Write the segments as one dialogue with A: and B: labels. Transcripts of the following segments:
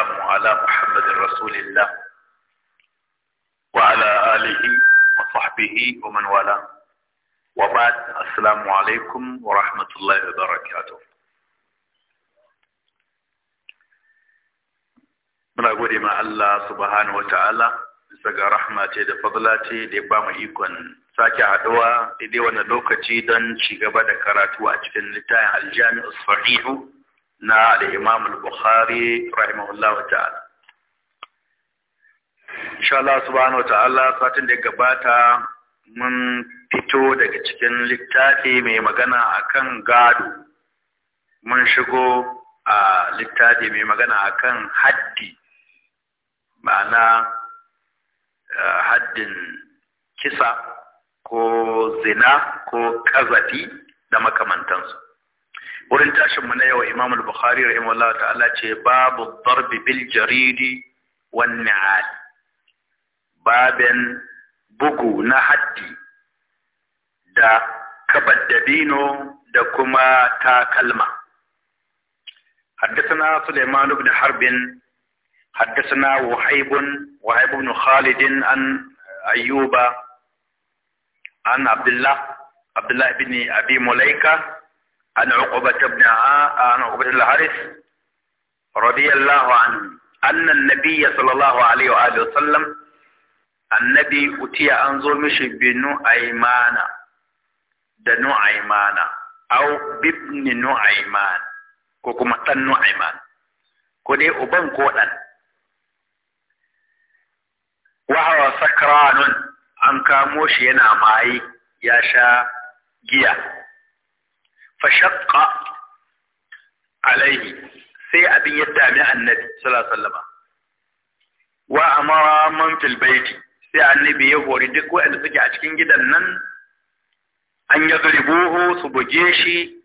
A: والسلام على محمد رسول الله وعلى آله وصحبه ومن والاه وبعد السلام عليكم ورحمة الله وبركاته muna gode ma Allah subhanahu wata'ala bisa ga rahma ce da fadla ce da ya ba mu ikon sake haɗuwa daidai wannan lokaci don ci gaba da karatu a cikin littafin aljami'u sahihu na da Imam al-Bukhari rahimahullahu ta'ala insha Allah subhanahu ta'ala satin da gabata mun fito daga cikin littafi mai magana akan gado mun shigo a littafi mai magana akan haddi ma'ana eh, haddin kisa ko zina ko kazafi da makamantansu wurin tashin mu na yau Imam al-Bukhari rahimahullah ta'ala ce babu darb bil jaridi wan ni'al baben bugu na haddi da kabad dabino da kuma takalma حدثنا سليمان بن حرب حدثنا وهيب وهيب بن خالد عن أيوب عن عبد الله عبد الله بن أبي عن عقبة ابن عن عقبة الحارث رضي الله عنه أن النبي صلى الله عليه وآله وسلم النبي أتي أنظر مش بنو أيمانا دنو أيمانا أو بابن نو أيمان كوكما تنو أيمان كودي أبن كودان وهو سكران أنكاموش ينام أي يشا جيا فشق عليه سي أبي يدامع النبي صلى الله عليه وسلم وأمر من في البيت سي النبي يوردك وأن سجعت كنجد النن أن يضربوه سبجيشي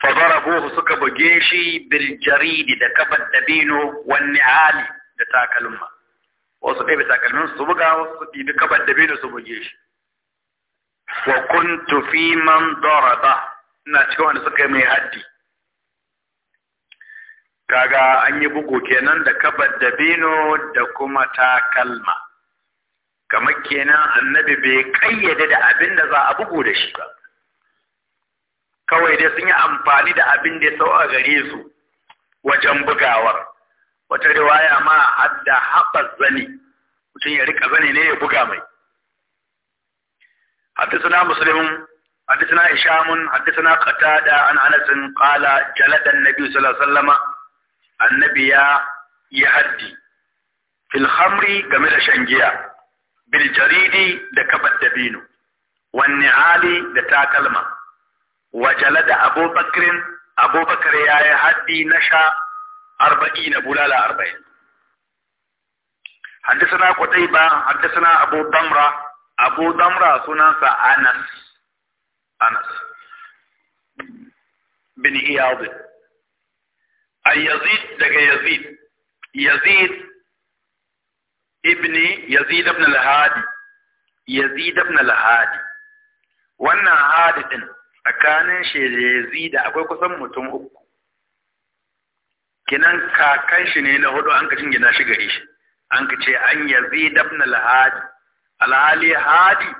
A: فضربوه سكب جيشي بالجريد دكب الدبين والنعالي دتاك الأمة وصفه إيه بتاك الأمة سبجا وصفه إيه بكب الدبين سبجيشي وكنت في من ضربه ina cikin wanda suka yi mai haddi kaga an yi bugu kenan da kabar bino da kuma takalma kamar kenan annabi bai kayyade da abin da za a bugu da shi ba kawai dai sun yi amfani da abin da ya sau a gare su wajen bugawar wata riwaya ma hadda haɓa zane mutum ya rika zane ne ya buga mai حدثنا مسلم حدثنا هشام حدثنا قتادة عن أنس قال جلد النبي صلى الله عليه وسلم النبي يهدي في الخمر جميل شنجيا بالجريد دكب الدبين والنعال دتاكلمة وجلد أبو بكر أبو بكر يا يهدي نشا أربعين بلالا أربعين حدثنا قتيبة حدثنا أبو ضمرة أبو ضمرة سنة أنس Anas bin Iyad a Yazid daga Yazid Yazid ibni Yazid ibn al-Hadi Yazid ibn al-Hadi wannan Hadi din tsakanin shi da Yazid akwai kusan mutum uku kinan kakan shi ne na hudu an ka cin gina shi gari shi an ka ce an Yazid ibn al-Hadi al-Ali Hadi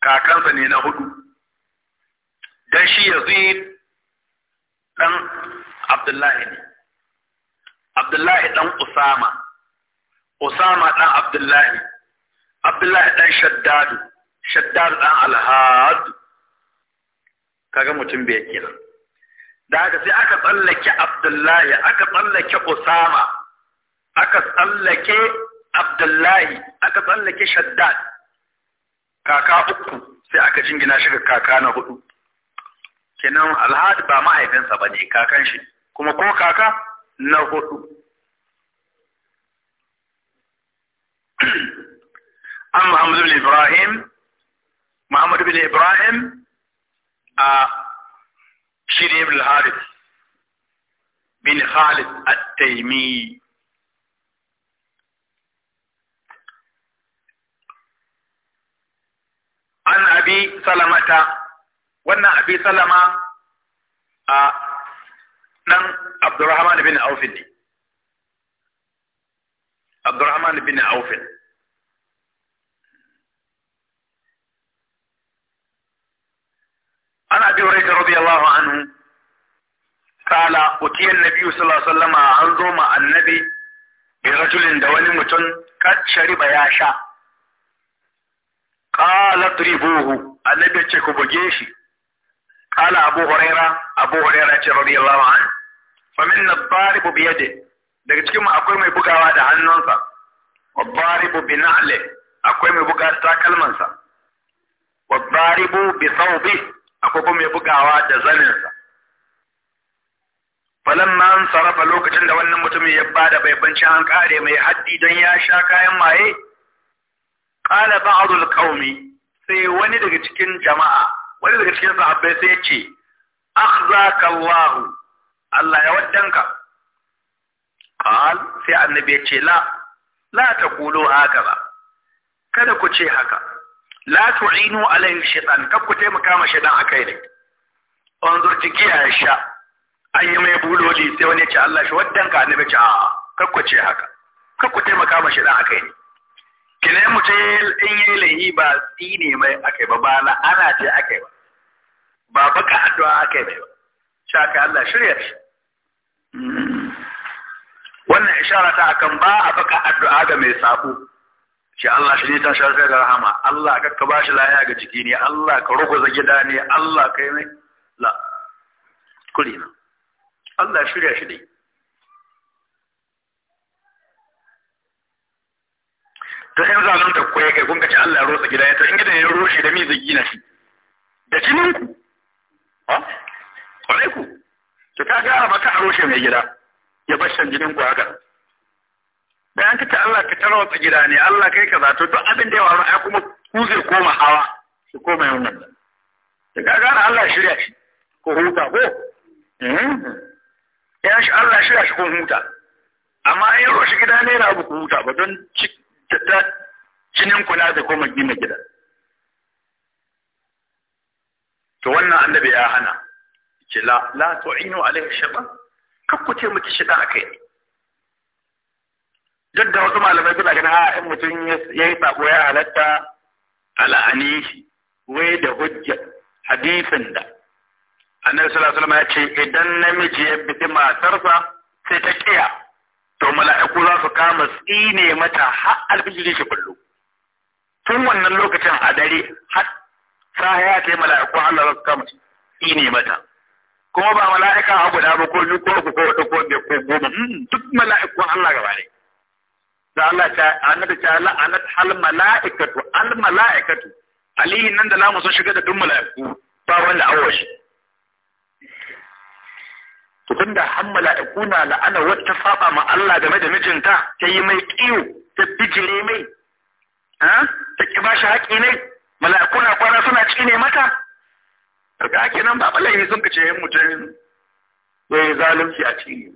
A: kakansa ne na hudu dan shi yazid dan abdullahi ne abdullahi dan usama usama dan abdullahi abdullahi dan shaddadu shaddadu dan alhad kaga mutum bai kenan da haka sai aka tsallake abdullahi aka tsallake usama aka tsallake abdullahi aka tsallake Shaddad. kaka uku sai aka jingina shi ga kaka na hudu kenan Alhadi ba mahaifinsa ba ne kakan shi kuma ko kaka na hudu an muhammadu bin ibrahim muhammadu bin ibrahim a shirin ibn harith bin khalid at-taimi an abi salamata wannan abi salama a nan abdurrahman bin aufin ne abdurrahman bin aufin an abi hurairah radiyallahu anhu kala utiyar nabi sallallahu alaihi wasallama an zo ma annabi bi rajulin da wani mutum kad shariba ya sha qala dribuhu annabi ce ku buge shi qala abu huraira abu huraira ce radiyallahu an fa minna ad-darib bi yadi daga cikin mu akwai mai bugawa da hannunsa wa daribu bi na'li akwai mai buga da takalmansa wa daribu bi thawbi akwai kuma mai bugawa da zaninsa falamma an sarrafa lokacin da wannan mutumin ya bada bai bancin an kare mai haddi don ya sha kayan maye qala ba'd al-qaumi sai wani daga cikin jama'a wani daga cikin sahabbai sai yace akhzaka Allah Allah ya waddanka qal sai annabi yace la la taqulu ba. kada ku ce haka la tu'inu alaihi shaytan kada ku taimaka ma shaytan akai ne wanzur jikiya ya sha an yi mai buloji sai wani ya ce Allah shi waddanka annabi ce a'a kar ku ce haka kar ku taimaka ma shaytan akai ne mu mutum in yi lahi ba ne mai akai ba ba na ana ce akai ba ba baka addu'a akai mai ba shaka Allah shirya shi wannan ishara ta akan ba a baka addu'a ga mai sako shi Allah shi ne ta sharfe da rahama Allah ka ka bashi lafiya ga jiki ne Allah ka ruguza gida ne Allah kai mai la kulina Allah shirya shi dai to in zanen da ya kai kun ka ci Allah ya rotsa gida ya to in gidan ya rushe da mi zai gina shi da jinin ku ha kwarai ku to ta gara ba ka rushe mai gida ya bar shan jinin ku haka bayan ka ta Allah ka tara wata gida ne Allah kai za to duk abin da ya faru ai kuma ku zai koma hawa su koma yau nan Da ka gara Allah shirya shi ko huta ko hmm? ya shi Allah shirya shi ko huta amma in roshe gida ne na ku huta ba don ta jinin kula da koma gina gida to wannan annabi ya hana ce la la tu'inu alaihi shaytan kakku ce miki shida akai duk da wasu malamai suna ganin ha in mutum ya yi sako ya halatta ala'ani shi wai da hujja hadisin da annabi sallallahu alaihi wasallam ya ce idan namiji ya bi matarsa sai ta kiya to mala'iku za su kama tsine mata har alfijir shi ballo tun wannan lokacin a dare har sahaya ta yi mala'iku Allah za su kama tsine mata kuma ba mala'ika a guda ba ko biyu ko uku ko hudu ko ko goma hmm, duk mala'ikun Allah gaba ne da Allah ta annabi ta anat hal mala'ikatu al mala'ikatu alihin nan da lamu sun shiga da duk mala'iku ba wanda awashi to tunda har mala'iku na la'ana wacce saba ma Allah game da mijinta ta yi mai kiyo ta bijire mai ha ta ki shi haƙi ne mala'iku na kwana suna cine mata daga nan ba laifi sun kace yan mutum ya yi zalunci a cini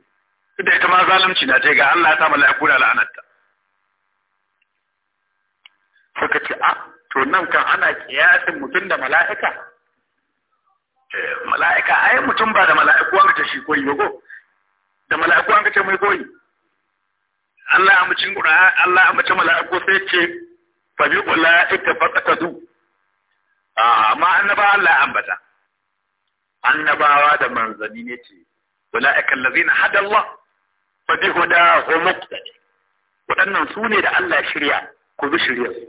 A: da ita ma zalunci na ce ga Allah ya sa mala'iku na la'anarta suka ce a ah, to nan kan ana kiyasin mutum da mala'ika eh, mala'ika ai mutum ba da mala'ika kowa shi koyi ba ko da mala'iku an kace mai koyi Allah ya mucin gura Allah ya mucin mala'iku sai ce fa bi qulaika faqatadu ah, amma annaba Allah ambata annabawa da manzanni ne ce ulaika allazina hada Allah fa bi hudahum muqtadi waɗannan su ne da Allah shirya ku bi shirya su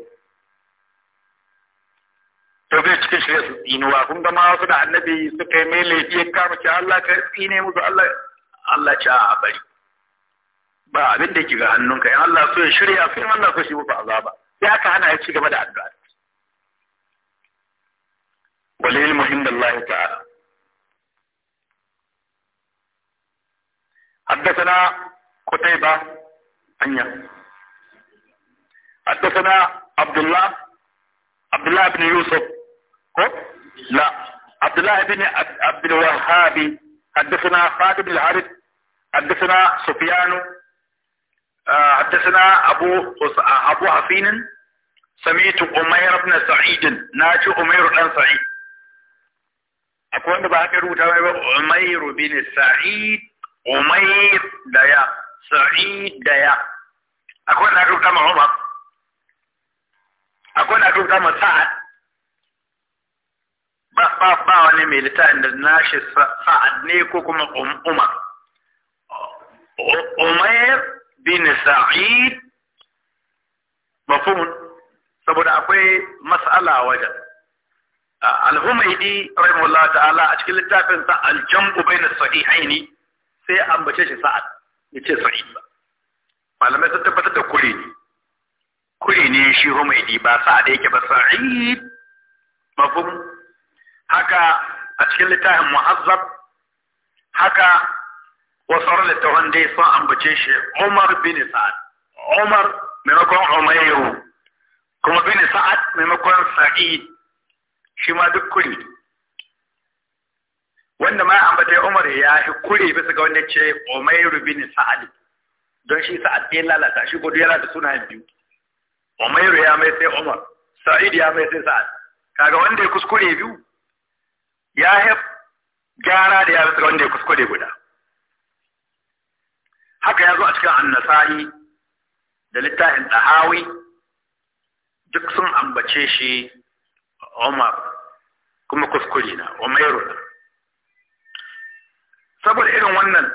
A: to bai cikin shirya su tsinuwa kun ga ma wasu da annabi suka yi mai laifi ya kama ce Allah ka tsine musu Allah Allah ci a bari ba abin da ke ga hannunka in Allah so ya shirya su in Allah so shi musu azaba sai aka hana ya ci gaba da addu'a walil muhimmallahi ta'ala حدثنا قتيبة أن حدثنا عبد الله عبد الله بن يوسف لا عبد الله بن عبد الوهاب حدثنا خالد بن الحارث حدثنا سفيان آه، حدثنا ابو ابو حفين سمعت امير بن سعيد ناجي امير بن سعيد akwai ba haka rubuta mai ba umairu bin sa'id umair da ya sa'id da ya akwai na rubuta ma umar akwai na rubuta ma sa'ad ba ba ba wani mai littafin da shi sa'ad ne ko kuma um, umar Umar bin sa'id mafhum saboda akwai mas'ala wajen al-humaydi rahimahullah ta'ala a cikin littafin sa al na bayna sahihaini sai ambace shi sa'ad ce sa'id ba malamai sun tabbatar da kuri ne Kuri ne shi humaydi ba sa'ad yake ba sa'id mafhum haka a cikin littafin muhazzab haka wasu littafin dai sun ambace shi umar bin sa'ad umar maimakon umairu kuma bin sa'ad maimakon sa'id shi ma duk kuri wanda ma ambace umar ya fi kuri bisa ga wanda ce umairu bin sa'ad don shi sa'ad ɗaya lalata shi gudu yana da suna biyu umairu ya mai sai umar sa'id ya mai sai sa'ad kaga wanda ya kuskure biyu ya hef gyara da ya bisa ga wanda ya kuskure guda haka ya zo a cikin annasa'i da littafin ɗahawi duk sun ambace shi Omar kuma kuskure na Umairu na saboda irin wannan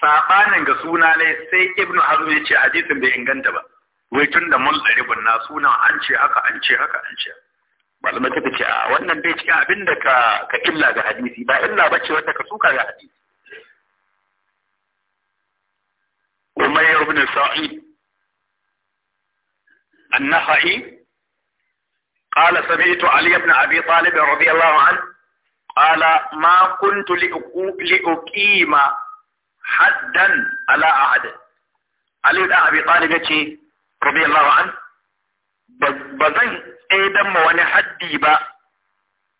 A: saɓanin ga suna ne sai Ibn Hazm ya ce hadisin bai inganta ba wai tun da mun na sunan an ce haka an ce haka an ce haka malamai suka ce a wannan bai cikin abin da ka ka illa ga hadisi ba illa ba ce wanda ka suka ga hadisi Umayya ibn Sa'id النخعي قال سمعت علي بن أبي طالب رضي الله عنه قال ما كنت لأقيم حدا على أحد علي بن أبي طالب رضي الله عنه ba zan tsedan ma wani haddi ba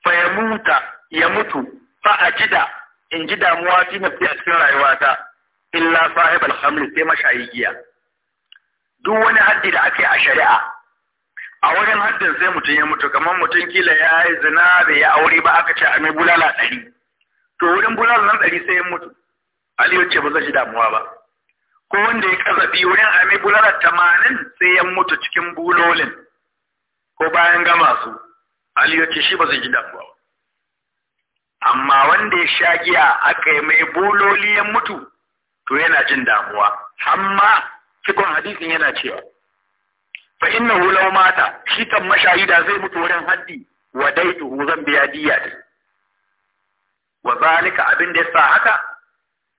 A: fa ya muta ya mutu fa a jida in ji damuwa fi na fiye cikin rayuwata illa sahib alhamdu sai mashayi giya duk wani haddi da aka yi a shari'a a wajen haddin sai mutum ya mutu kamar mutum kila ya yi zina da ya aure ba aka ce a mai bulala ɗari to wurin bulala nan ɗari sai ya mutu aliyu ce ba zai ji damuwa ba ko wanda ya kazabi wurin a mai bulala tamanin sai ya mutu cikin bulolin ko bayan gama su Ali ya ce shi ba zai ji damuwa ba amma wanda ya sha giya aka yi mai bololi ya mutu to yana jin damuwa amma cikin hadisin yana cewa fa hu law mata shi kan mashahida zai mutu wurin haddi wa daitu zan biya diya ne wa zalika abin da ya sa haka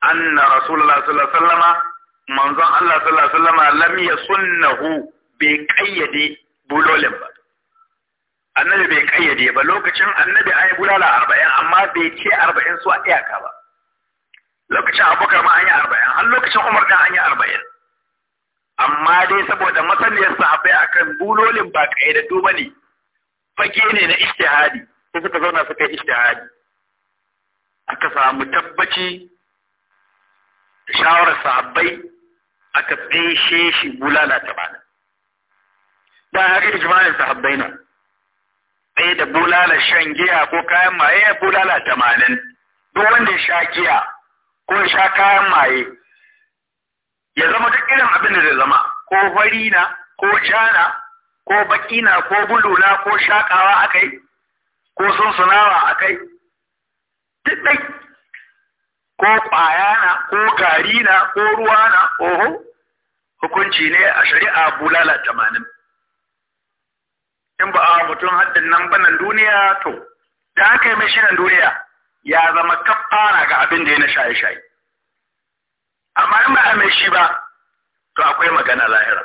A: anna rasulullah sallallahu alaihi wasallama manzon Allah sallallahu alaihi wasallama lam yasunnahu bai kayyade bulolin ba annabi bai kayyade ba lokacin annabi an yi bulala arba'in amma bai ce arba'in su a iyaka ba lokacin abubakar ma an yi arba'in har lokacin umar da an yi arba'in amma dai saboda masaniyar sahabbai akan bulolin ba kayyadaddu ba ne fage ne na ishtihadi sai suka zauna suka yi ishtihadi aka samu tabbaci da shawarar sahabbai aka tsaye shi bulala ta bana da haka ijma'in sahabbai na ɗaya da bulala shan giya ko kayan maye ya eh, bulala tamanin duk wanda ya sha giya ko ya sha kayan maye ya zama duk irin abin da zai zama ko farina ko jana ko baki na ko buluna ko shakawa akai ko sunsunawa akai duk dai ko ƙwayana ko Garina ko Ruwana, oho hukunci ne a shari'a bulala tamanin in ba a mutum haddin nan nan duniya to da aka yi mai shirin duniya ya zama kafara ga abin da ya na shaye-shaye amma in ba a mai shi ba to akwai magana lahira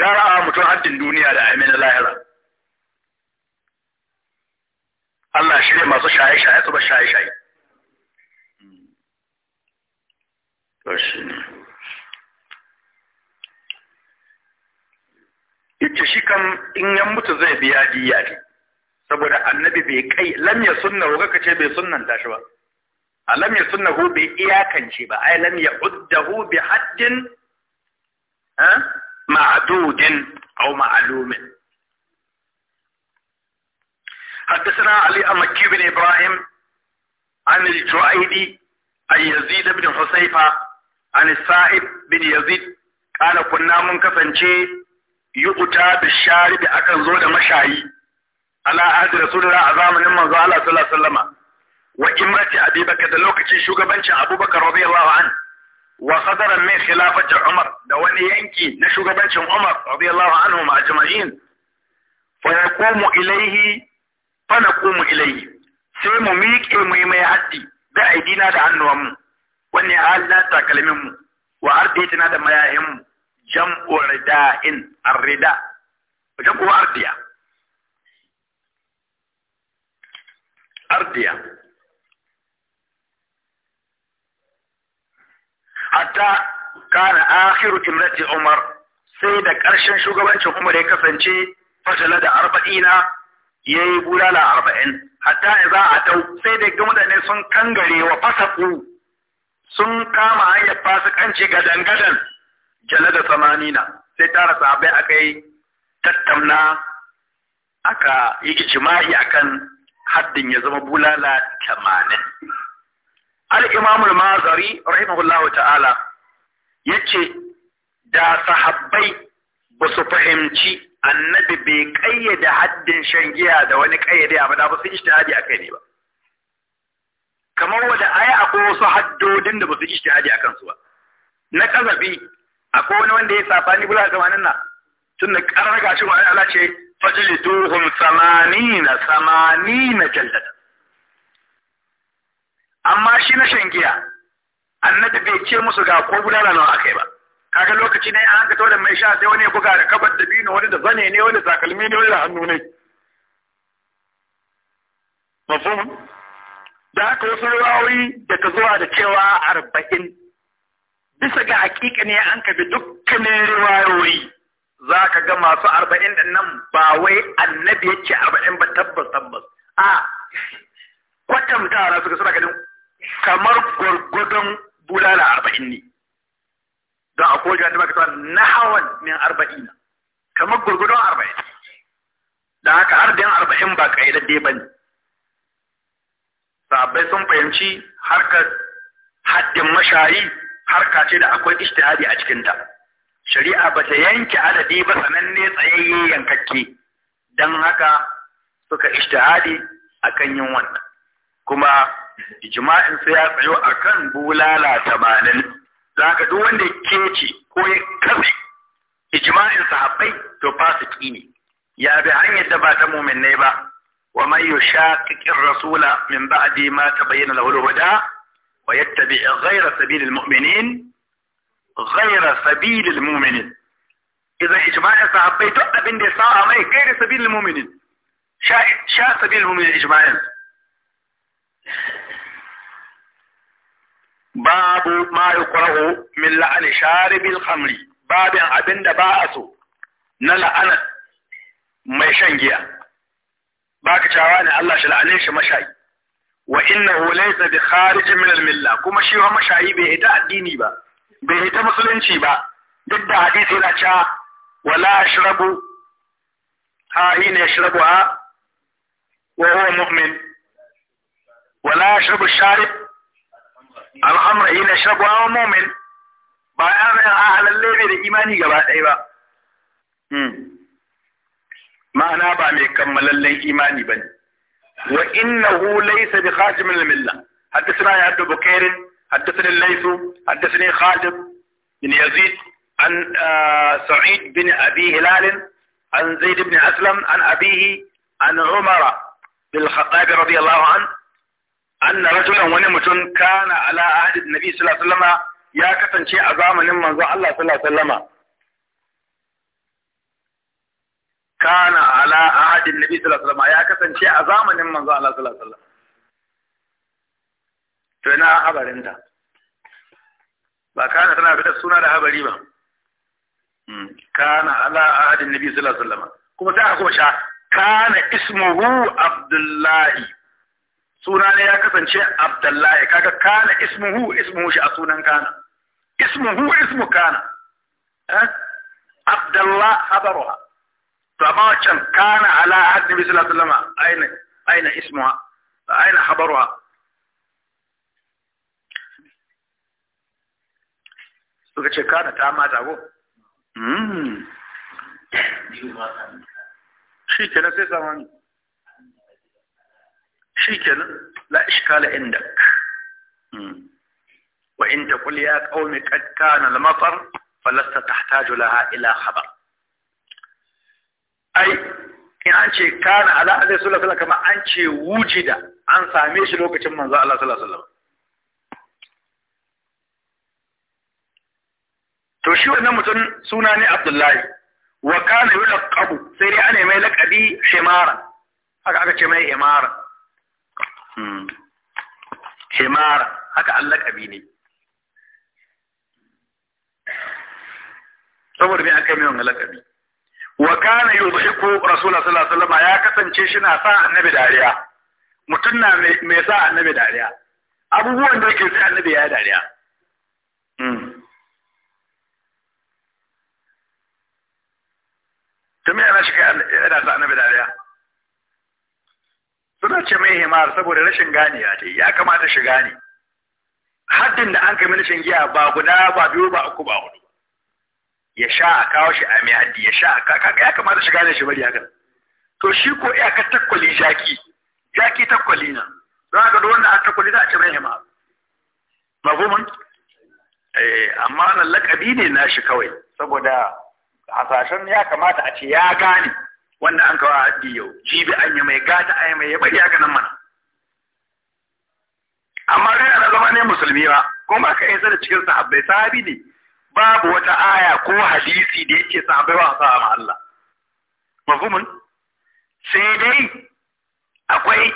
A: gara a mutum haddin duniya da a aimin lahira Allah shi ne masu shaye-shaye su ba shaye-shaye. To yace shi kan in ya mutu zai biya diya ne saboda annabi bai kai lam ya sunna ko kaka ce bai sunnanta shi ba a lam ya sunna ko bai iyakance ba ai lam ya uddahu bi haddin ha ma'dudin aw ma'lumin حدثنا علي أمكي بن إبراهيم عن الجعيدي عن يزيد بن حسيفة عن السائب بن يزيد قال كنا منكفن شيء Yi da bi da akan zo da mashayi ala ahdi rasulullah a zamanin manzo Allah sallallahu alaihi wasallama wa imrati abubakar da lokacin shugabancin abubakar radiyallahu an wa sadaran min khilafati umar da wani yanki na shugabancin umar radiyallahu anhu ma ajma'in fa yaqumu ilayhi fa naqumu ilayhi sai mu miƙe mu yi mai haddi da aidina da hannuwanmu wannan halin na takalmin mu wa ardaitina da mayahin mu jam'u rida'in arrida wajen kuma ardiya ardiya hatta kana akhiru imrati umar sai da ƙarshen shugabancin umar ya kasance fashala da arba'ina ya yi bulala arba'in hatta za a dau sai da ga mutane sun kangare wa fasaku sun kama hanyar fasikanci gadan-gadan jala da samanina sai tara sahabai aka yi tattauna aka yi ijima'i akan haddin ya zama bulala tamanin al-imam al-mazari rahimahullahu ta'ala yace da sahabbai ba su fahimci annabi bai kayyade haddin shan giya da wani kayyade a da ba su akai ne ba kamar wanda aya akwai wasu haddodin da ba su ijtihadi akan su ba na kazafi akwai wani wanda ya safani bula ga wannan nan tun da karar gashi wani Allah ce fajliduhum samanina samanina jaldatan amma shi na shan giya annabi bai ce musu ga ko bulala nawa akai ba kaga lokaci ne an ka da mai sha sai wani ya buga da kabar da bino wani da zane ne wani zakalmi ne wani da hannu ne mafhum da haka wasu rawayi da ta zuwa da cewa arba'in bisa ga hakika ne an kabi dukkanin riwayoyi za ka ga masu arba'in da nan ba wai annabi ya ce arba'in ba tabbas tabbas a kwatanta na suka suna ganin kamar gwargwadon bulala arba'in ne don a kowace wanda baka na hawan min arba'in kamar gwargwadon arba'in da haka har da arba'in ba ƙayyadadde ba ne sabai sun fahimci harkar haddin mashayi harka ce da akwai ishtihadi a cikinta shari'a ba ta yanke adadi ba sananne tsayayye yankakke don haka suka istihadi akan yin wannan kuma ijma'in su ya tsayo akan bulala tamanin za ka duk wanda ya ce ko ya kafe ijma'in sahabbai to su ne ya bi hanyar da ba ta mu'min ne ba wa man yushaqiqir rasula min ba'di ma tabayyana lahu al-huda ويتبع غير سبيل المؤمنين غير سبيل المؤمنين إذا إجماع صحابي تؤدى بين دي ساعة مي غير سبيل المؤمنين شاء, شا سبيل المؤمنين إجماع باب ما يقرأ من لعن شارب الخمر باب أبن دباءسو نلعن mai shan giya ba ka cawa ne ما شاي وإنه ليس بخارج من الملة كما شيوه مشاهي بهتا الديني با بهتا مسلنشي با ضد حديث لا شا ولا أشرب ها هنا يشربها وهو مؤمن ولا أشرب الشارب الخمر هنا يشربها وهو مؤمن بايام أهل الليل بإيماني قبا إيبا ما بامي كمل الليل إيماني بني وإنه ليس بخارج من الملة حدثنا يا عبد بكير حدثني الليث حدثني خالد بن يزيد عن آه، سعيد بن أبي هلال عن زيد بن أسلم عن أبيه عن عمر بن الخطاب رضي الله عنه أن رجلا ونمت كان على عهد النبي صلى الله عليه وسلم يا كتنشي أزام من منظر الله صلى الله عليه وسلم kana ala ahadin nabi sallallahu alaihi wasallam ya kasance a zamanin manzo Allah sallallahu alaihi wasallam to ina habarinta ba kana tana fitar suna da habari ba hmm. kana ala ahadin nabi sallallahu alaihi wasallam kuma sai aka sha kana ismuhu abdullahi suna ne ya kasance abdullahi kaga kana ismuhu ismuhu shi a sunan kana ismuhu ismu kana eh abdullah habaruha تماشن كان على عهد النبي صلى الله عليه وسلم أين أين اسمها أين خبرها وكيف كان تاماته هو لا إشكال عندك وإن تقول يا قومي قد كان المطر فلست تحتاج لها إلى خبر ai in an ce kana ala azai sallallahu alaihi kamar an ce wujida an same shi lokacin manzo Allah sallallahu alaihi to shi wannan mutum suna ne Abdullahi wa kana yulqabu sai dai ana mai laqabi himara haka aka ce mai himara hmm. himara haka an laqabi ne saboda me aka yi mai wannan laqabi wa kana yudhiku rasulullah sallallahu alaihi wasallam ya kasance shi na sa annabi dariya Mutun na me sa annabi dariya abubuwan da yake sa annabi ya dariya hmm. to me yana shiga yana sa annabi dariya suna ce mai himar saboda rashin gani ya ce ya kamata shi ne. haddin da an kai mini giya ba guda ba biyu ba uku ba hudu ya sha a kawo shi a mai haddi ya sha kaga ya kamata shiga gane shi bari hakan to shi ko iya ka takwali jaki jaki takwali na don haka duk wanda a takwali za a ci mai hima magumin eh, amma nan lakabi ne na shi kawai saboda hasashen ya kamata a ce ya gane wanda an kawo haddi yau jibi an yi mai gata an yi mai ya bari haka nan mana amma kai ana zama ne musulmi ba kuma ka isa da cikin sahabbai sahabi ne babu wata aya ko hadisi da yake sa bai wasa ma Allah mafhumun sai dai akwai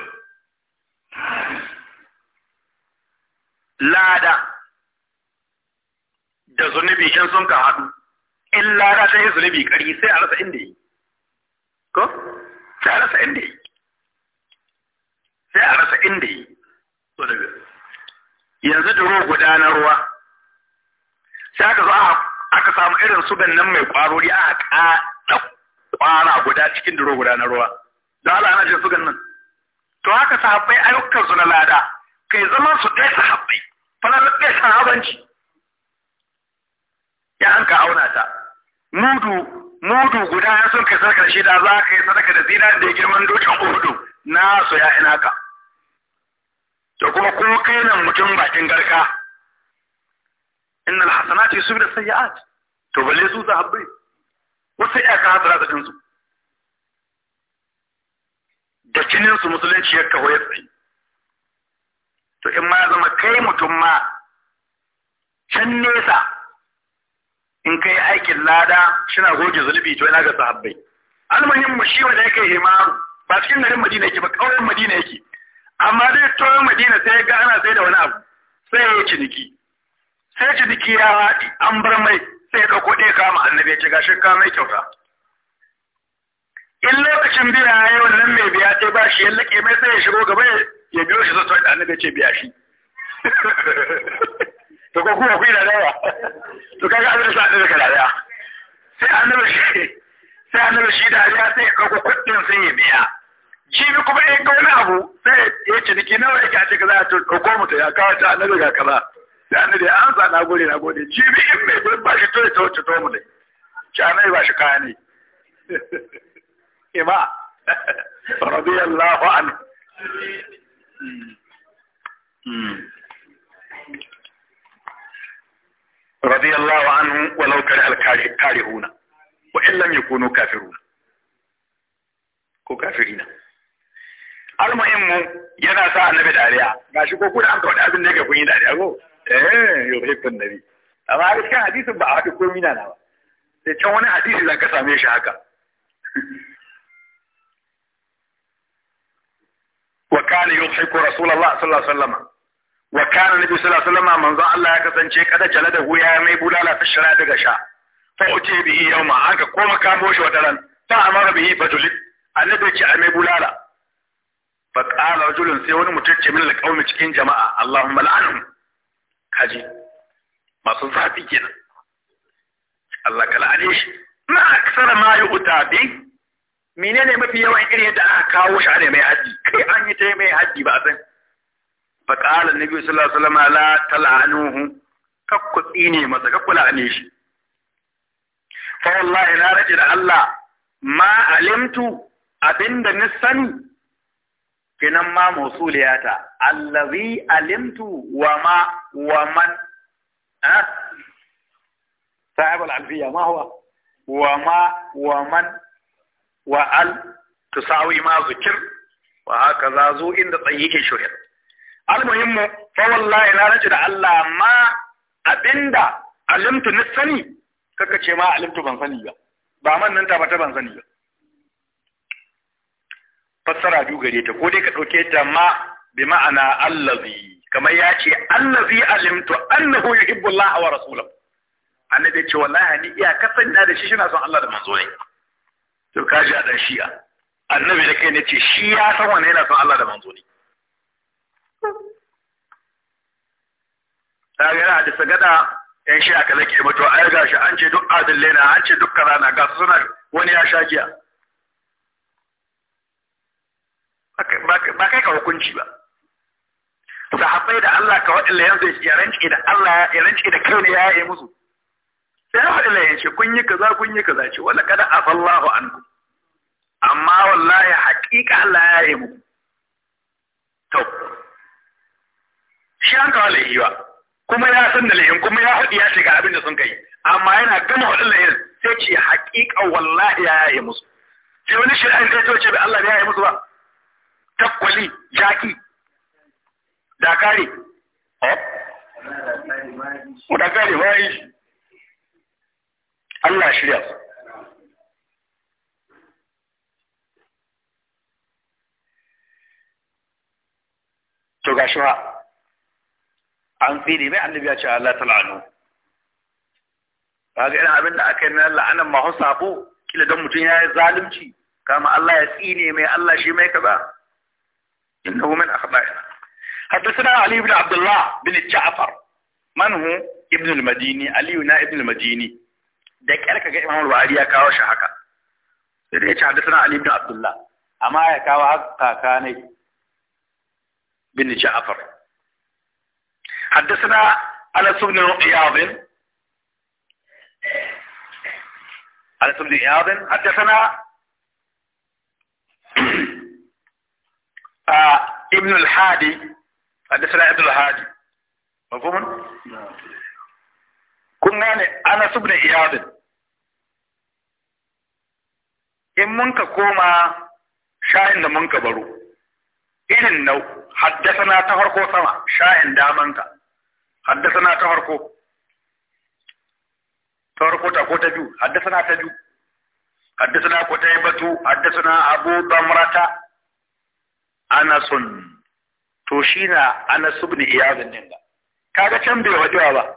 A: lada da zunubi kan sun ka haɗu in lada ta yi zunubi kari sai a rasa inda yi ko sai a rasa inda yi sai a rasa inda yi yanzu duro gudanarwa. ruwa sai aka zo aka samu irin sudan nan mai kwarori a ka kwara guda cikin duro guda na ruwa da Allah ana jin sugan nan to haka sahabbai ayyukan su na lada kai zaman su fa sahabbai falalar ɗaya sahabanci ya an ka auna ta mudu mudu guda ya sun kai sadaka shi da za ka yi sadaka da zina da girman dokin uhudu na so ya ina ka to kuma ko kai nan mutum bakin garka innal hasanati yusbiru sayyi'at to balle su sahabbai wasu iyaka hadara cikin su da jinin su musulunci ya kawo ya tsaye to in ma ya zama kai mutum ma can nesa in kai aikin lada suna goge zulbi to ina ga sahabbai almuhimmu shi wanda yake himaru ba cikin garin madina yake ba kauyen madina yake amma dai toyon madina sai ga ana sai da wani abu sai ya yi ciniki sai ciniki ya haɗi an bar mai sai ɗauko ɗaya kama annabi ya ce gashi ka mai kyauta in lokacin biya ya wannan mai biya sai ba shi ya laƙe mai sai ya shigo gaba ya biyo shi sosai da annabi ya ce biya shi to ko kuma ku yi raraya to kaga an rasa sa annabi ka raraya sai annabi shi sai annabi shi ya sai ka ku kuɗin sai ya biya jibi kuma in ga wani abu sai ya ke nawa ce a ce a to ɗauko mutu ya kawo ta annabi ga kaza da da an sa na na gode jibi in mai gurin bashi shi to wacce tawace to mu ne jami'ai ba shi kaya ne ima radiyallahu anhu رضي hmm. الله hmm. wa ولو كره الكارهون wa لم يكونوا kafiruna, ko kafirina almuhimmu yana sa annabi dariya gashi ko ku da an kawo abin da yake kun yi dariya ko eh yuhibbun nabi amma a cikin hadisin ba a faɗi komi na ba sai can wani hadisi za ka same shi haka wa kana yuhibbu rasulullah sallallahu alaihi wasallam wa kana nabi sallallahu alaihi wasallam manzo Allah ya kasance kada jala da huya mai bulala ta shara daga sha fa uce bihi yawma haka ko makamo shi wata ran fa amara bihi fatulik annabi ce a mai bulala fa qala rajulun sai wani mutum ce min alqawmi cikin jama'a Allahumma la'anhum kaji masu zafi kenan Allah ka la'ane shi ma aksara ma yi uta bi menene mafi yawan irin yadda aka kawo shi ne mai haddi kai an yi ta mai haddi ba san fa qala nabi sallallahu alaihi wasallam la tal'anuhu kakku tsine masa kakku la'ane shi fa wallahi na rage da Allah ma alimtu abinda ni sani kenan ma mausuliyata allazi alimtu wa ma wa man ha sahibul al-alfiya ma huwa wa ma wa man wa al tusawi ma zikir wa haka za zo inda tsayyike shuhur almuhimmu fa wallahi na race da Allah ma abinda alimtu ni sani kaka ce ma alimtu ban sani ba ba man nan ta ta ban sani ba fassara biyu gare ta ko dai ka ɗauke ta ma bi ma'ana allazi kamar ya ce allazi alimtu annahu yuhibbu Allah wa rasulahu annabi ya ce wallahi ni iya kasanta da shi shina son Allah da manzo ne to kaji a dan shi'a annabi da kai ne ce shi ya san wannan yana son Allah da manzo ne ta ga da sagada yan shi'a kaza ke mutuwa ai gashi an ce duk adillai na an ce duk kaza na ga suna wani ya sha giya ba kai ka hukunci ba sahabbai da Allah ka waɗin layan ya rance da Allah ya da kai ne ya yi musu sai ya waɗin layan ce kun yi kaza kun yi kaza ce wala kada afallahu anku amma wallahi haƙiƙa Allah ya yi muku to shi an kawo layi ba kuma ya san da layin, kuma ya haɗi ya shiga abin da sun kai amma yana gama waɗin layan sai ce haƙiƙa wallahi ya yi musu sai wani shirin sai ce Allah ya yi musu ba takwali jaki dakare mu dakare bayan Allah shirya to ga shi an tsiri mai annabi ya ce Allah ta Ba ga irin abin da aka yi na la'anan mahu sabo kila don mutum ya yi zalunci kama Allah ya tsine mai Allah shi mai kaza إنه من أخبائنا حدثنا علي بن عبد الله بن جعفر من هو ابن المديني علي بن ابن المديني دك ألك جاء إمام الوالي أكاو شحكا ريش حدثنا علي بن عبد الله أما أكاو أكا كاني بن جعفر حدثنا على سبن رقياض على سبن رقياض حدثنا ابن الحادي حدثنا ابن الحادي مفهوم؟ kun gane ana subna iyadin in mun ka koma sha'in da mun ka baro irin nau haddasana ta farko sama sha'in damanka haddasana ta farko ta farko ta ko ta biyu haddasana ta biyu haddasana ko ta yi batu haddasana abu bamrata anasun to shi na anas ne iyadin din ba kaga can bai wajewa ba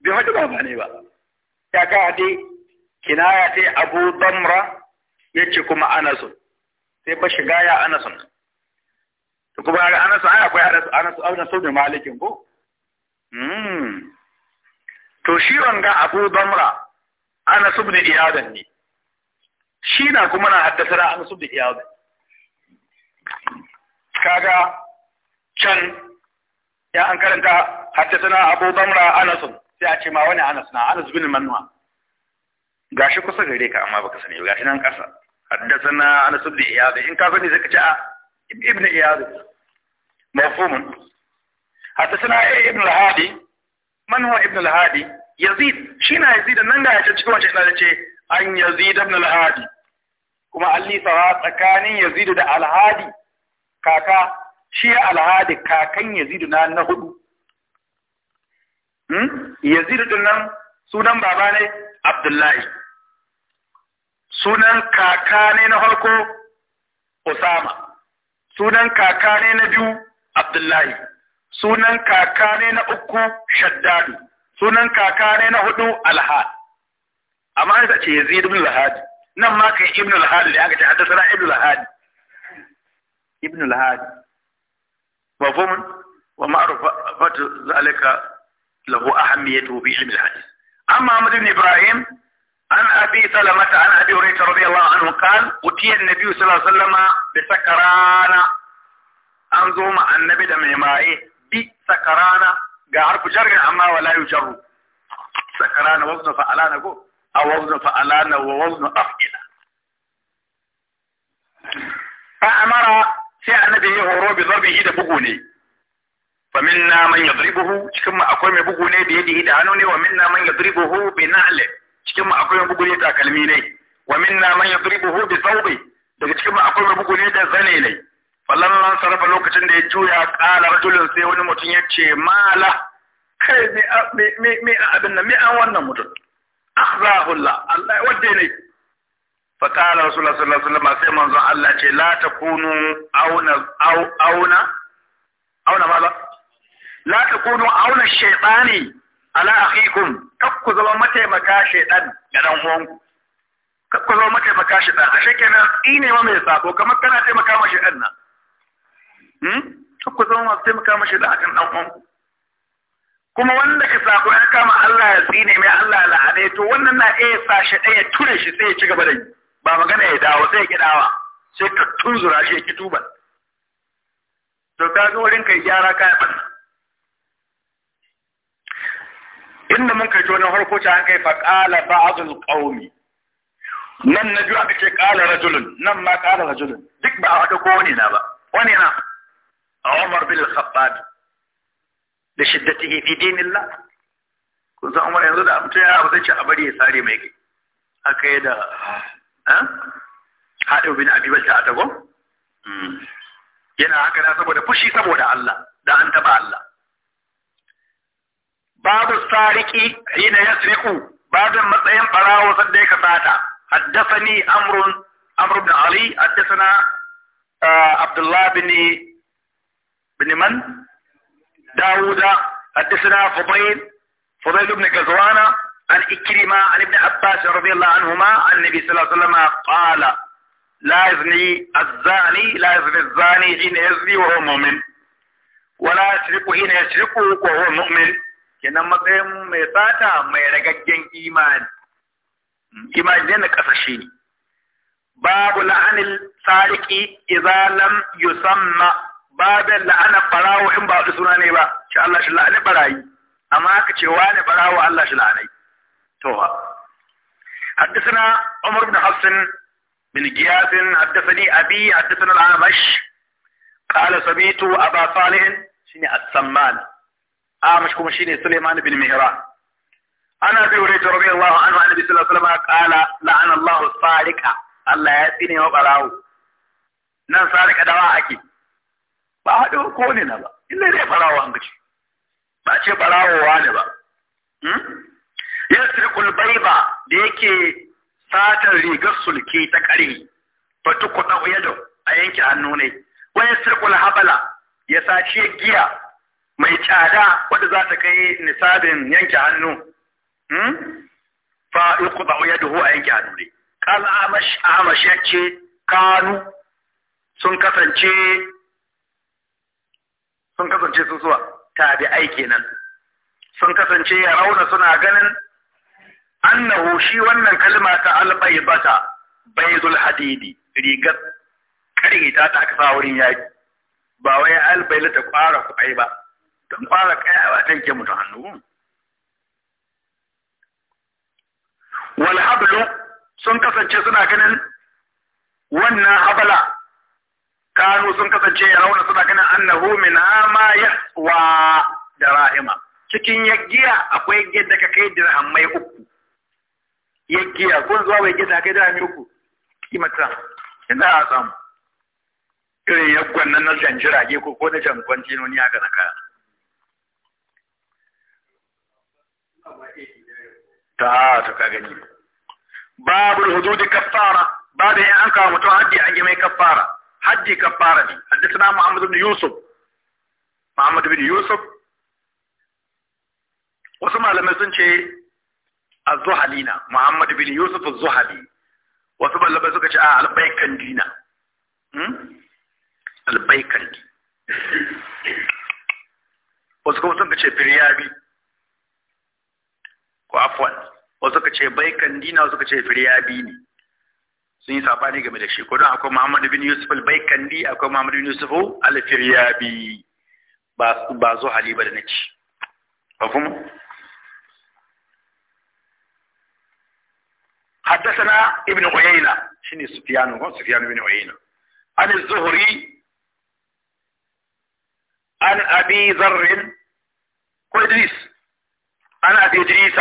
A: bai wajewa ba ne ba ya ka Kina kinaya ce abu damra yace kuma anasun sai ba shiga ya anasun to kuma ga anasun ai akwai anas anas anas da malikin ko mm to shi wanga abu damra anas ibn iyadin ne shi na kuma na haddasa anas ibn iyadin kaga can ya an karanta haddathana Abu Bamra Anas sai a ce ma wani Anas na Anas bin Manwa gashi kusa gare ka amma baka sani gashi nan kasa haddathana Anas bin Iyad in ka sani zaka ce a ah, ibn Iyad mafhumun haddathana ibn al-Hadi man huwa ibn al-Hadi Yazid shi na Yazid nan ga ya cikin wancan da ce an Yazid ibn al-Hadi kuma alli sawa tsakanin Yazid da al-Hadi kaka shi alhadi kakan yazidu na na hudu hmm? yazidu din nan sunan baba ne abdullahi sunan kaka ne na farko usama sunan kaka ne na biyu abdullahi sunan kaka ne na uku shaddadu sunan kaka ne na hudu alhad amma an ce yazidu bin alhad nan ma kai ibn alhad da aka ce sana ibn alhad ابن الهادي مفهوم ومعروف ذلك له أهميته في علم الحديث أما محمد بن إبراهيم عن أبي سلمة عن أبي هريرة رضي الله عنه قال أتي النبي صلى الله عليه وسلم بسكران أنظم النبي دم مائه بسكران قعرف جرع أما ولا يجر سكران وزن فعلان أو وزن فعلان ووزن أفئلة فأمر sai annabi ya horo bi zarbihi da bugu ne fa minna man yadribuhu cikin mu akwai mai bugu ne da yadi da hannu ne wa minna man yadribuhu bi nahle cikin mu akwai mai bugu ne da kalmi ne wa minna man yadribuhu bi thawbi daga cikin mu akwai mai bugu ne da zane ne fallan sarrafa lokacin da ya juya qala rajulun sai wani mutum ya ce mala kai me me me abin nan me an wannan mutum Allah Allah wadde ne faƙalar rasulullah sallallahu alaihi Allah ce la takunu auna auna auna ma ba la takunu auna shaytani ala akhikum kakku zama mataimaka shaytan ga dan uwanku kakku zama mataimaka mai sako kamar kana taimaka ma shaytan na hmm zama masu taimaka ma shaytan akan dan uwanku kuma wanda ka sako ya kama Allah ya tsine mai Allah la'ane to wannan na iya sa shi ɗaya ture shi sai ya ci gaba da yi ba magana ya dawo sai ki dawa sai ka tunzura shi ki tuban to ka zo wurin kai gyara ka ban inda mun kai tonan harko ta an kai fa qala ba'dul qaumi nan na biyu aka ce qala rajulun nan ma qala rajulun duk ba a hada ko wani na ba wani na Umar bin Khattab da shiddatihi fi dinillah kun san Umar yanzu da mutum ya abu sai ce a bari ya sare mai kai aka yi da haɗe bin abi balta a tagon hmm. yana haka na saboda fushi saboda Allah da an taba Allah babu sariki hina yasriqu babin matsayin barawo sadda ya kasata haddathani amrun amr ibn ali haddathana uh, abdullah bin bin man dauda حدثنا fubayl fubayl بن كزوانة عن إكرمة عن ابن عباس رضي الله عنهما النبي صلى الله عليه وسلم قال لا يزني الزاني لا يزني الزاني حين يزني وهو مؤمن ولا يسرق حين يسرق وهو مؤمن كنا مقيم ميتاتا ما يرقج إيمان إيمان جنة قصشيني باب لعن السارق إذا لم يسمى باب لعن براو حمبا رسولاني با إن شاء الله شلعني براي أما كتشواني براو الله شلعني توها حدثنا عمر بن حفص بن جياس حدثني أبي حدثنا العامش قال سبيت أبا صالح شني السمان عامش كم شني سليمان بن مهران أنا أبي هريرة رضي الله عنه عن النبي صلى الله عليه وسلم قال لعن الله الصالح الله يأتيني وقراه نان نعم صالح دواء أكي ba haɗin kone na ba illa dai barawo an gaci ba ce ba yasriqul bayba da yake satar rigar sulki ta kare fatuku da yado a yanke hannu ne wa yasriqul habala ya sace giya mai tsada wadda za ta kai nisabin yanke hannu hmm? fa yuqda yaduhu a yanke hannu ne kal amash amash yace kanu sun kasance sun kasance su zuwa tabi'ai kenan sun kasance ya rauna suna ganin annahu shi wannan kalma ta albaybata baydul hadidi rigar kare ta ta aka wurin yaki ba wai albayla ta kwara kai ba dan kwara kai a ke mutu hannu wal hablu sun kasance suna ganin wannan habala kanu sun kasance ya rauna suna ganin annahu min ma yaswa da rahima cikin yaggiya akwai yadda ka kai dirhammai uku ya giya kun zuwa bai gida kai da ni uku kimata ina a samu irin ya gwannan na can jirage ko ko na can kwantinoni ni na kaya ta ta ka gani babul hududi kaffara ba da yan an kawo mutum haddi an yi mai kaffara haddi kaffara ne haddana muhammad bin yusuf muhammad bin yusuf wasu malamai sun ce az-zuhali na Muhammad bin Yusuf az wasu ballabai suka ce a ah, albaikandina. Hmm? dina wasu kuma suka ce firyabi ko afwan wasu suka ce baikandina wasu suka ce firyabi ne sun yi sabani game da shi ko don akwai Muhammad bin Yusuf albaikandi, akwai Muhammad bin Yusuf alfiryabi. ba ba ba da na ba حدثنا ابن عيينة شنو سفيان هو سفيان بن عيينة عن الزهري عن أبي ذر وإدريس عن أبي إدريس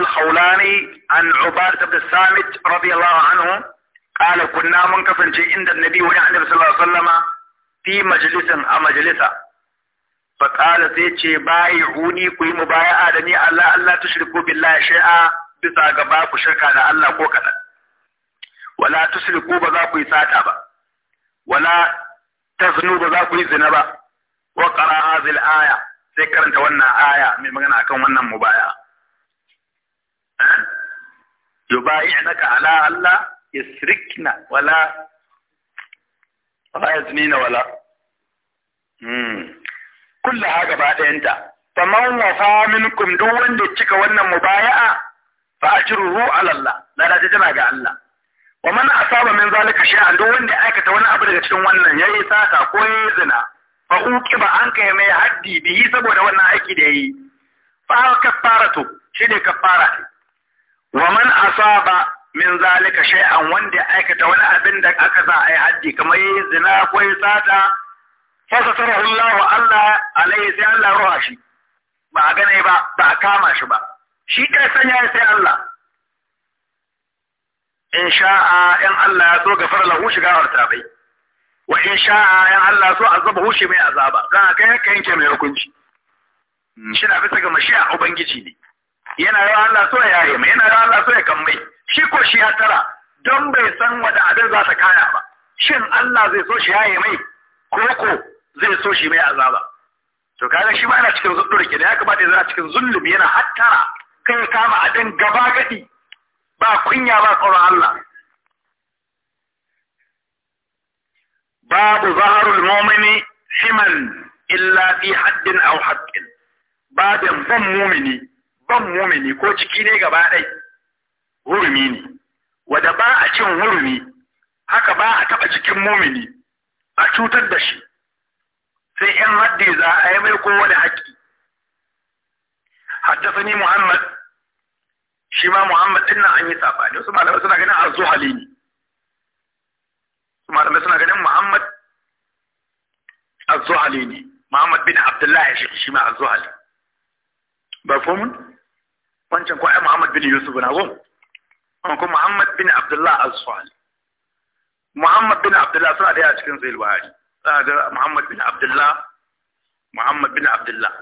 A: الخولاني عن عبادة بن الصامت رضي الله عنه قال كنا منكفن عند النبي ونحن صلى الله عليه وسلم في مجلس أو مجلسة فقال سيتشي بايعوني كي مبايعة لني الله ألا تشركوا بالله شيئا bisa ga babu shirka da Allah ko kaɗan. Wala tusriku ba za ku yi sata ba, wala tasnu ba za ku yi zina ba, wa qara hazil aya sai karanta wannan aya mai magana akan wannan mu baya. mubaya. Eh? naka ala Allah ya yasrikna wala wala yaznina wala hmm. kullu ha gaba ɗayanta faman wafa minkum duk wanda cika wannan mubaya'a fa ajruhu ala Allah lada tana ga Allah wa man asaba min zalika shay'an duk wanda ya aikata wani abu daga cikin wannan yayi sata ko yayi zina fa ba an kai mai haddi bihi saboda wannan aiki da yayi fa kaffaratu shine ce wa man asaba min zalika shay'an wanda ya aikata wani abin da aka sa ai haddi kamar yayi zina ko yayi sata fa satarahu Allah wa Allah alaihi sai Allah ruwa shi ba a gane ba ba a kama shi ba shi kai sanya ya sai Allah in sha'a in Allah ya so gafara lahu shiga warta bai wa in sha'a in Allah so azaba hushi mai azaba dan haka yake yanke mai hukunci hmm. shi na bisa ga mashi'a ubangiji ne yana yawa Allah so ya yaye mai yana yawa Allah so ya kammai shi ko shi ya tara don bai san wada abin za ta kaya ba shin Allah zai so shi yaye mai ko ko zai so shi mai azaba to kaga shi yana cikin zulmi da ya kamata yana cikin zulmi yana hattara kai kama a ɗin gaba gaɗi ba kunya ba tsoron Allah. Babu zaharul momini siman illa fi haddin au haƙƙin. Babin ban mumini, ban mumini ko ciki ne gaba ɗai, hurumi ne. Wada ba a cin hurumi, haka ba a taɓa cikin mumini, a cutar da shi, sai ‘yan haddi za a yi mai kowane haƙƙi. haddathani Muhammad shi ma Muhammad din an yi sabani wasu malamai suna ganin az-Zuhali ne malamai suna ganin Muhammad az-Zuhali Muhammad bin Abdullahi shi shi ma az-Zuhali ba fomun wancan ko ai Muhammad bin Yusuf na gon ko Muhammad bin Abdullah az-Zuhali Muhammad bin Abdullah suna da yawa cikin Sahih Buhari suna da Muhammad bin Abdullah Muhammad bin Abdullah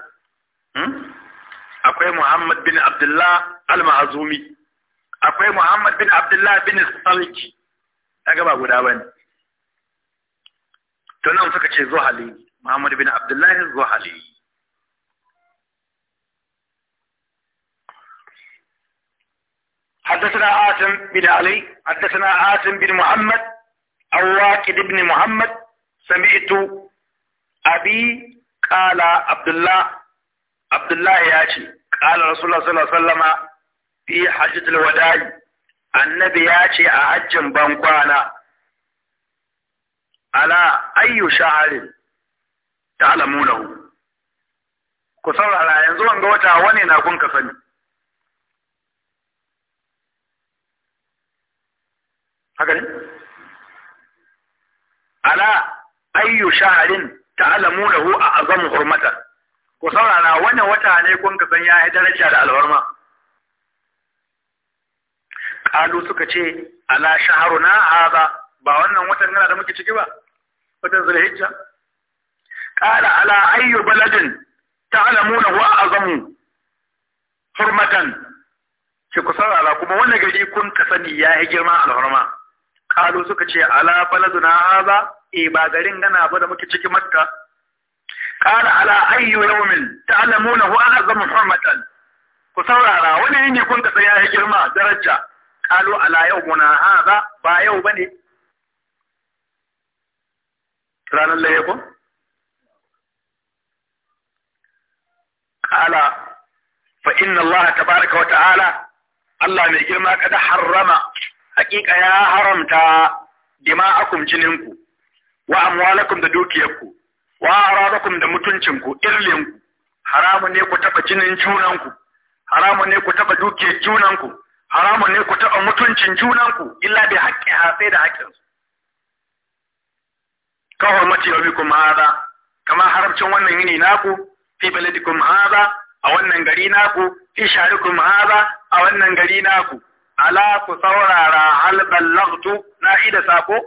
A: akwai Muhammad bin Abdullah al-Ma'azumi akwai Muhammad bin Abdullah bin Salki daga ba guda bane to nan suka ce Zuhali Muhammad bin Abdullah Zuhali حدثنا آتم بن علي حدثنا آتم بن محمد أو واكد بن محمد سمعت أبي قال عبد الله عبد الله ياتي قال رسول الله صلى الله عليه وسلم في annabi ya ce a hajjin ban kwana ala ayyu sha'arin ta'lamunahu ku saurara yanzu wanga wata wani na kun sani haka ne ala ayyu sha'arin a azamu hurmata. ku saurara wannan wata ne kun ka san ya yi daraja da alwarma kalu suka ce ala shaharuna haza, ba wannan watan yana da muke ciki ba watan zulhijja kala ala ayyu baladin ta'lamuna wa azamu hurmatan ki ku saurara kuma wannan gari kun ka sani yi girma alhurma kalu suka ce ala baladuna haza, e ba garin gana ba da muke ciki makka قال على أي يوم تعلمونه أعظم حرمة كسورارا ولين يكون كسياه جرما درجة قالوا على يومنا هذا با يوم بني رانا الله يقول قال فإن الله تبارك وتعالى الله من جرما قد حرم حقيقة يا حرمتا دماءكم جننكم وأموالكم دوكيكم wa arabakum da mutuncinku irlinku haramun ne ku taba jinin junanku haramun ne ku taba dukiyar junanku haramun ne ku taba mutuncin junanku illa bi haƙƙi ha sai da haƙƙin su ka hurmati yawmikum hadha kama haramcin wannan yini naku fi baladikum hadha a wannan gari naku fi sharikum hadha a wannan gari naku ala ku saurara hal ballagtu na ida sako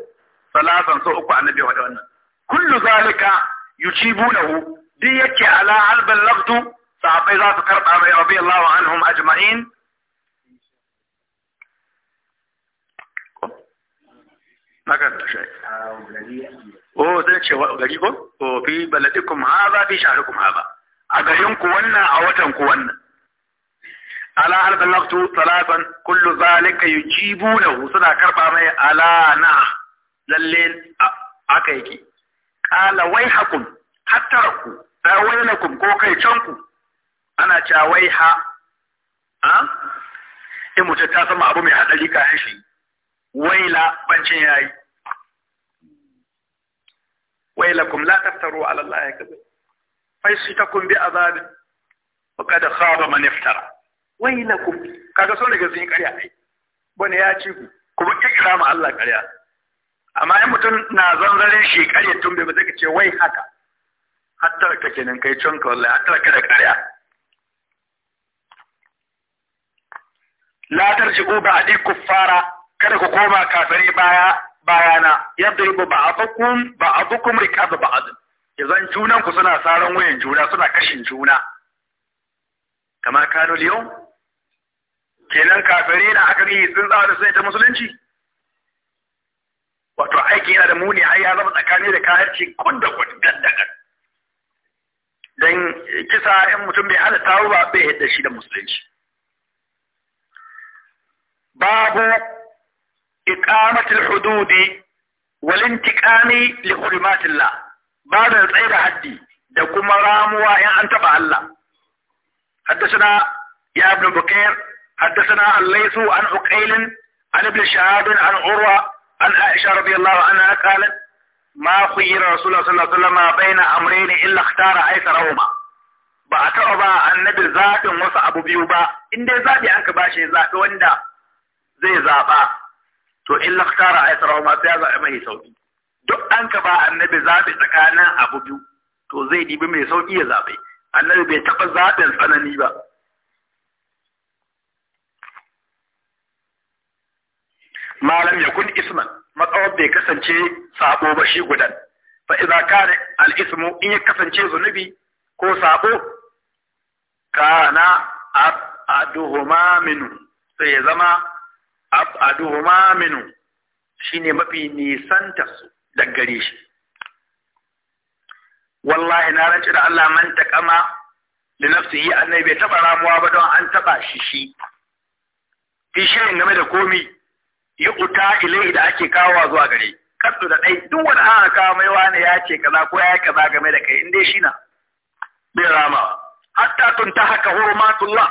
A: salasan so uku annabi wa wannan kullu zalika يجيبونه ديك على علب اللغد صحابي ذات كرب عمي ربي الله عنهم أجمعين ما كان شيء أو ذلك شيء وغريبه وفي بلدكم هذا في شهركم هذا أغيهم كوانا أوتهم كوانا على علب اللغد ثلاثا كل ذلك يجيبونه صدا كرب عمي على نع للين أكيكي qala waihakum hattaraku ay wailakum ko kai can ku. ana cewa waiha a in mutum ta sama abu mai hadari kayan shi waila bancin yayi wailakum la taftaru ala shi ta kun bi azabin wa kada khaba man iftara kum kaga sun riga sun yi ƙarya ai bane ya ci ku kuma kira ma Allah ƙarya amma in mutum na zanzarin shi karya tumbe ba zai ce wai haka hatar ka kenan kai can ka wallahi hatar ka da karya la tarji'u ba'di kuffara kada ku koma kafare baya bayana yadribu ba'dukum ba'dukum rikaba ba'd idan junan ku suna saran wayan juna suna kashin juna kamar kano liyon kenan kafare na aka yi sun tsara sai ta musulunci aiki yana da muni ai ya zama tsakani da kahirci kun da kun gaddagar dan kisa in mutum bai halatta ba bai yadda shi da musulunci babu iqamatul hududi wal intiqami li hurumatillah babu tsaida haddi da kuma ramuwa in an taba Allah حدثنا يا ابن بكير حدثنا الليث عن عقيل عن ابن شهاب عن عروة an Aisha radiyallahu anha qalat ma khuyira rasulullah sallallahu alaihi wasallam baina amrayn illa ikhtara aitharahuma ba a taɓa ba annabi zaɓin wasu abu biyu ba in dai zaɓi an ka bashi zaɓi wanda zai zaɓa to in illa ikhtara aitharahuma sai ya zaɓi mai sauki duk an ka ba annabi zaɓi tsakanin abu biyu to zai dibi mai sauƙi ya zaɓe annabi bai taɓa zaɓin tsanani ba malam ya yakun isman matsawar bai kasance sabo ba shi gudan fa idza kana al ismu in ya kasance zunubi ko sabo kana aduhuma minu sai ya zama aduhuma minu shine mafi nisanta su daga shi wallahi na rance da Allah man taqama li nafsihi annabi bai taba ramuwa ba don an taba shi shi fi shirin game da komi ya wuta ilai da ake kawowa zuwa gare kasu da ɗai duk wani aka kawo mai wani ya ce kaza ko ya kaza game da kai in shi na bai rama hatta tun ta haka hurmatullah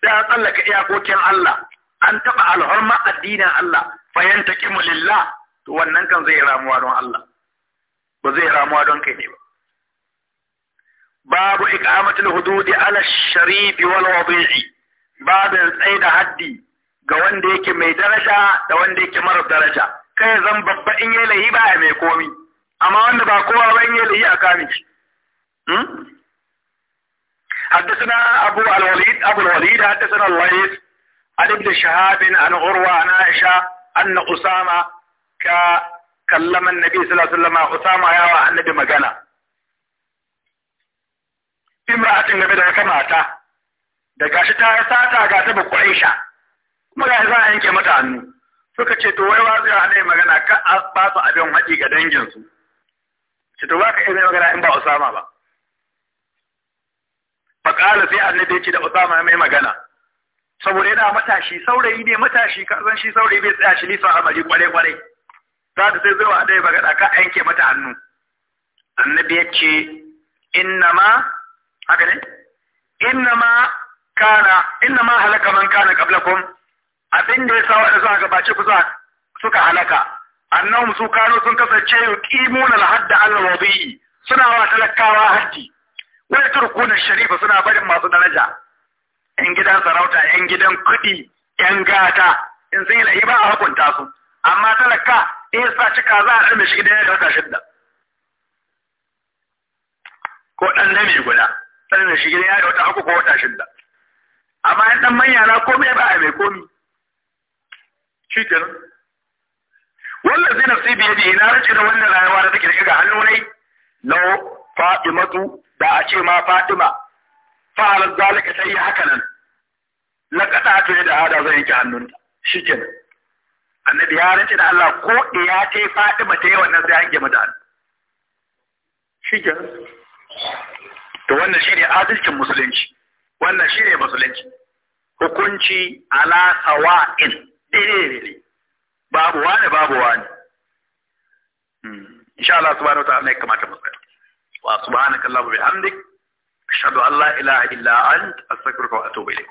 A: sai ya tsallaka iyakokin Allah an taba alhurma addinin Allah fayan ta lillah to wannan kan zai ramuwa don Allah ba zai ramuwa don kai ne ba babu iqamatul hududi ala sharifi wal wadi'i babin tsaida haddi ga wanda yake mai daraja da wanda yake mara daraja kai zan babba in yi lahi ba mai komi amma wanda ba kowa ba in yi lahi a kame shi حدثنا أبو الوليد أبو الوليد حدثنا الليث عن ابن شهاب عن عروة عن عائشة أن أسامة كلم النبي صلى الله عليه وسلم أسامة يا النبي مجانا امرأة النبي ده كما أتى ده قاشتها ساتا قاتب قريشة kuma ga za a yanke mata hannu suka ce to wai wa zai hana magana ka a ba su abin haɗi ga danginsu ce to ba ka iya magana in ba Usama ba ƙala sai annabi ce da Usama mai magana saboda yana matashi saurayi ne matashi ka san shi saurayi bai tsaya shi nisan amari kwarai kwarai za ta sai zuwa dai magana ka yanke mata hannu annabi ya ce innama haka ne innama kana innama halaka man kana qablakum abin da ya sa waɗanda a gabace ku suka halaka annahum su kano sun kasance yuqimuna al-hadda al-wadi'i suna wa talakawa haddi wa yatrukuna sharifa suna barin masu daraja yan gidan sarauta yan gidan kuɗi yan gata in sun yi ba a hukunta su amma talaka in sa cika za a ɗan shi gidan ya wata shidda ko ɗan dame guda ɗan shi gidan ya wata uku ko wata shidda amma yan ɗan manya na komai ba a mai komi shi kenan wannan zai nafsi biye biye na race da wannan rayuwa da take ga hannu nai lau fatimatu da a ce ma fatima fa'alar zalika ta yi haka nan na kaɗa ta da hada zai yanke hannun shi kenan annabi ya race da Allah ko ɗaya ta yi fatima ta yi wannan zai yanke mata hannu shi kenan to wannan ne adalcin musulunci wannan shi ne musulunci hukunci ala sawa'in tsere eh, babu wani babu wani hmm. insha Allah subhanahu wa ta'ala ya kamata mu tsaya wa subhanaka allahumma bihamdik ashhadu an la ilaha illa ant astaghfiruka wa atubu ilayk